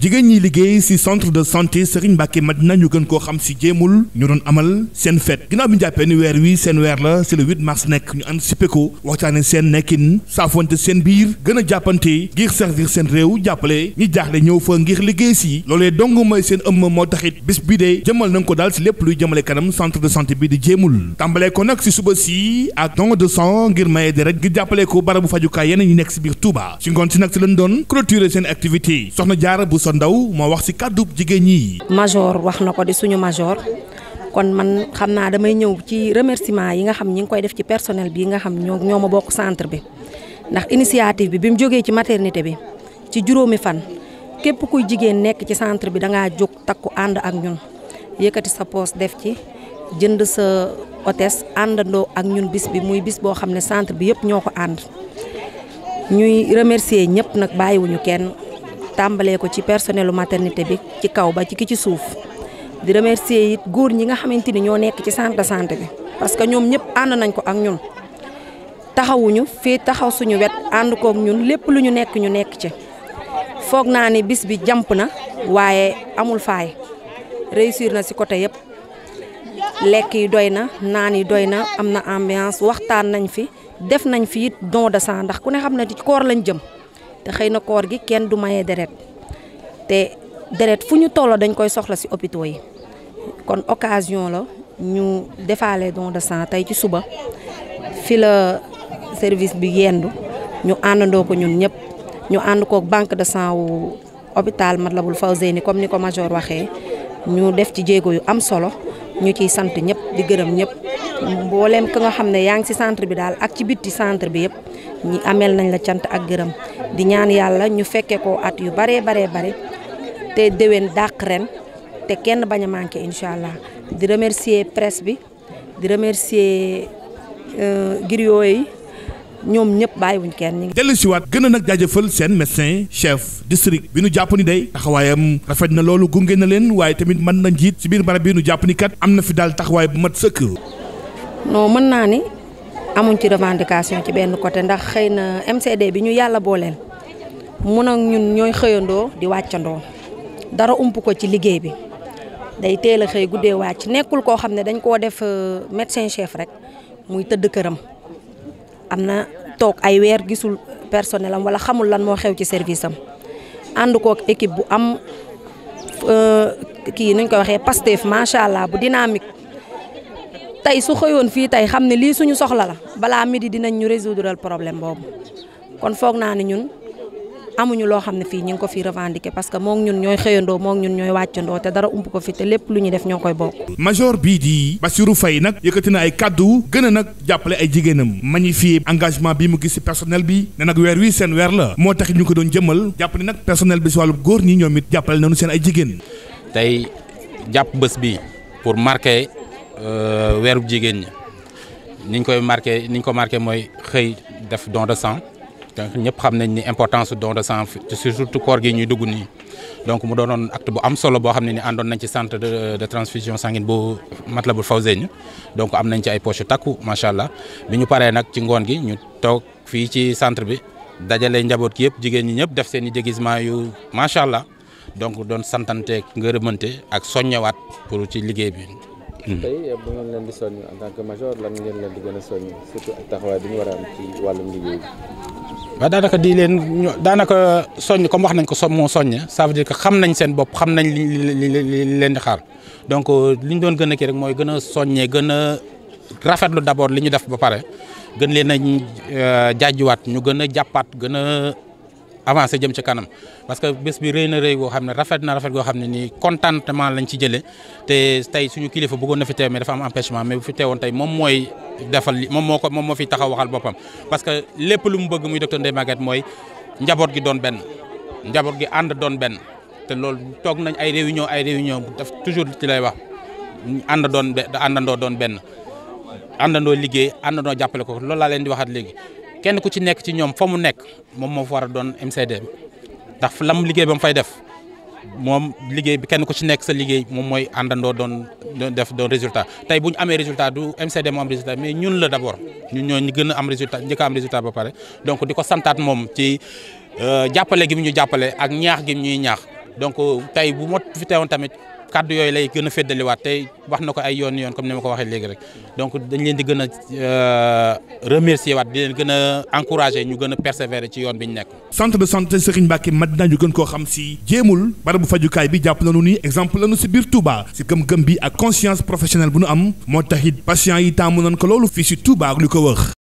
jigéen ñi liggéey ci centre de santé Serigne Mbacké Madina ñu gën koo xam ci jéemul ñu doon amal seen fête ginnaaw bi ñu jàppee ni weer wi seen weer la c'est le 8 mars nekk ñu anticipé ko waxtaane seen nekkin saafonte seen biir gën a jàppante ngir servir seen réew jàppale ñi jaaxle ñëw fa ngir liggéey ci loole dong mooy seen ëmm moo taxit bis bi de jëmal nañ ko daal ci lépp luy jëmale kanam centre de santé bi di jéemul tàmbalee ko nag ci suba si ak don de sang ngir maye deret ngir jàppale ko barabu fajukaay yeneen ñi nekk ci biir Touba ci ngoon si nag ci doon clôturer seen activité Bousso Ndaw moo wax ci kàddu jigéen ñi. major wax na ko di suñu major kon man xam naa damay ñëw ci remerciement yi nga xam ñi ngi koy def ci personnel bi nga xam ñoo ñoo ma bokk centre bi ndax initiative bi bi mu jógee ci maternité bi ci juróomi fan képp kuy jigéen nekk ci centre bi da ngaa jóg takku ànd ak ñun yëkkati sa poos def ci jënd sa hôtesse àndandoo ak ñun bis bi muy bis boo xam ne centre bi yëpp ñoo ko ànd ñuy remercier ñëpp nag bàyyiwuñu kenn. tàmbalee ko ci personnelu maternité bi ci kaw ba ci ki ci suuf di remercier it góor ñi nga xamante ni ñoo nekk ci centre de bi parce que ñoom ñëpp ànd nañ ko ak ñun taxawuñu fii taxaw suñu wet ànd kook ñun lépp lu ñu nekk ñu nekk ci foog naa ni bis bi jàmp na waaye amul faay réussir na ci côté yëpp lekk yi doy na naan yi doy na am na ambiance waxtaan nañ fi def nañ fi it don de sang ndax ku ne xam na ci koor lañ jëm te xëy na koor gi kenn du maye deret te deret fu ñu tolloo dañ koy soxla si hôpitaux yi kon occasion la ñu defaale don de sang tey ci suba fi la service bi yendu ñu àndandoo ko ñun ñëpp ñu ànd kook banque de sang wu hôpital Matlaboul ni comme ni ko major waxee ñu def ci jéego yu am solo ñu ciy sant ñëpp di gërëm ñëpp mboolem ka nga xam ne yaa ngi ci centre bi daal ak ci bitti centre bi yëpp ñi ameel nañ la cant ak gërëm di ñaan yàlla ñu fekke ko at yu baree baree bare te déwén dàq ren te kenn bañ a manqué incha allah di remercier presse bi di remercier euh, griot yi ñoom ñëpp bàyyiwuñ kenn. dellu si waat gën a nag jaajëfal seen médecin chef district bi nu jàpp ni dey taxawaayam rafet na loolu gunge na leen waaye tamit mën na njiit ci biir barab bi nu jàpp ni kat am na fi daal taxawaay bu mat sëkk. non mën naa ni amuñ ci revendication ci benn côté ndax xëy na MCD bi ñu yàlla booleel mun ak ñun ñooy xëyandoo di wàccandoo dara ump ko ci liggéey bi day teel a xëy guddee wàcc nekkul koo xam ne dañ koo def euh, médecin chef rek muy tëdd këram am na toog ay weer gisul personnel am wala xamul lan moo xew ci service am ànd kook équipe bu am euh, kii nuñ koy waxee Pastef macha allah bu dynamique. tey su xëyoon fii tey xam ne lii suñu soxla la balaa midi dinañ ñu résoudre problème boobu kon foog naa ne ñun amuñu loo xam ne fii ñu ngi ko fi revendiquer parce que moom ñun ñooy xëyandoo moom ñun ñooy wàccandoo te dara ump ko fi te lépp lu ñu def ñoo koy bokk. major bii di Bassirou Faye nag yëkkati na ay kàddu gën a nag jàppale ay jigéenam ñi magnifier engagement bi mu gis ci personnel bi ne nag weer wi seen weer la moo tax ñu ko doon jëmal jàpp ne nag personnel bi ci wàllu góor ñoom it jàppale nañu seen ay jigéen. tey jàpp bés bi Euh, weeru jigéen ñi niñ koy marqué niñ ko marqué mooy xëy def don de sang donc ñëpp xam nañ ni importance don de sang surtout koor gi ñuy dugg nii donc mu doonoon acte bu am solo boo xam ne ni àndoon nañ ci centre de transfusion sanguine bu Matlaboul Fawzeyni donc am nañ ci ay poche takku macha allah bi ñu paree nag ci ngoon gi ñu toog fii ci centre bi dajale njaboot ki yëpp jigéen ñi ñëpp def seen i déguisement yu macha allah donc doon santanteeg ngërëmante ak soññewaat pour ci liggéey bi. Mm-hmm. tey eh, bu ngeen leen di soññ a surtout ak taxawaay bi ñu war a am ci wàllum liggéey bi. waaw daanaka di leen daanaka soññ comme wax nañ ko so moo soññ ça veut dire que xam nañ seen bopp xam nañ li leen di xaar donc euh, li ñu doon gën a kii rek mooy gën a soññee gën a rafetlu d'abord li ñu def ba pare gën leen a euh, jaajuwaat ñu gën a jàppaat gën a. avancé jëm ci kanam parce que bés bi rëy na rëy goo xam ne rafet na rafet goo xam ne nii contentement lañ ci jëlee te tey suñu kilifa bëggoon na fi teew mais dafa am empêchement bu fi teewoon tey moom mooy defal moom moo ko moom moo fi taxaw waxal boppam parce que lépp lu mu bëgg muy docteur Ndeye Maguette mooy njaboot gi doon benn njaboot gi ànd doon benn te loolu toog nañ ay réunion ay réunion daf toujours ci lay wax ànd doon àndandoo doon benn àndandoo liggéey àndandoo jàppale ko loolu laa leen di waxaat léegi kenn ku ci nekk ci ñoom fa mu nekk moom moo fa war doon MCD bi ndax lam liggéey ba mu fay def moom liggéey bi kenn ku ci nekk sa liggéey moom mooy àndandoo doon def doon résultat tey bu ñu amee résultat du MCD moo am résultat mais ñun la d' abord ñun ñoo ñu gën a am résultat njëkk a am résultat ba pare donc di ko santaat moom ci euh, jàppale gi mu ñu jàppale ak ñaax gi mu ñuy ñaax donc euh, tey bu mot fi teewoon tamit. kàddu yooyu lay gën a feddaliwaat tey wax na ko ay yoon yoon comme ni ma ko waxee léegi rek donc dañ leen di gën a euh, remercier waat di leen gën a encourager ñu gën a persévérer ci yoon bi ñu nekk. centre de santé Serigne Mbacké Madina ñu gën koo xam si jéemul barabu fajukaay bi jàpp nañu ni exemple lañu si biir Touba si gëm-gëm bi ak conscience professionnelle bu nu am moo taxit patient yi taamu nañ ko loolu fii si Touba ak lu ko wër.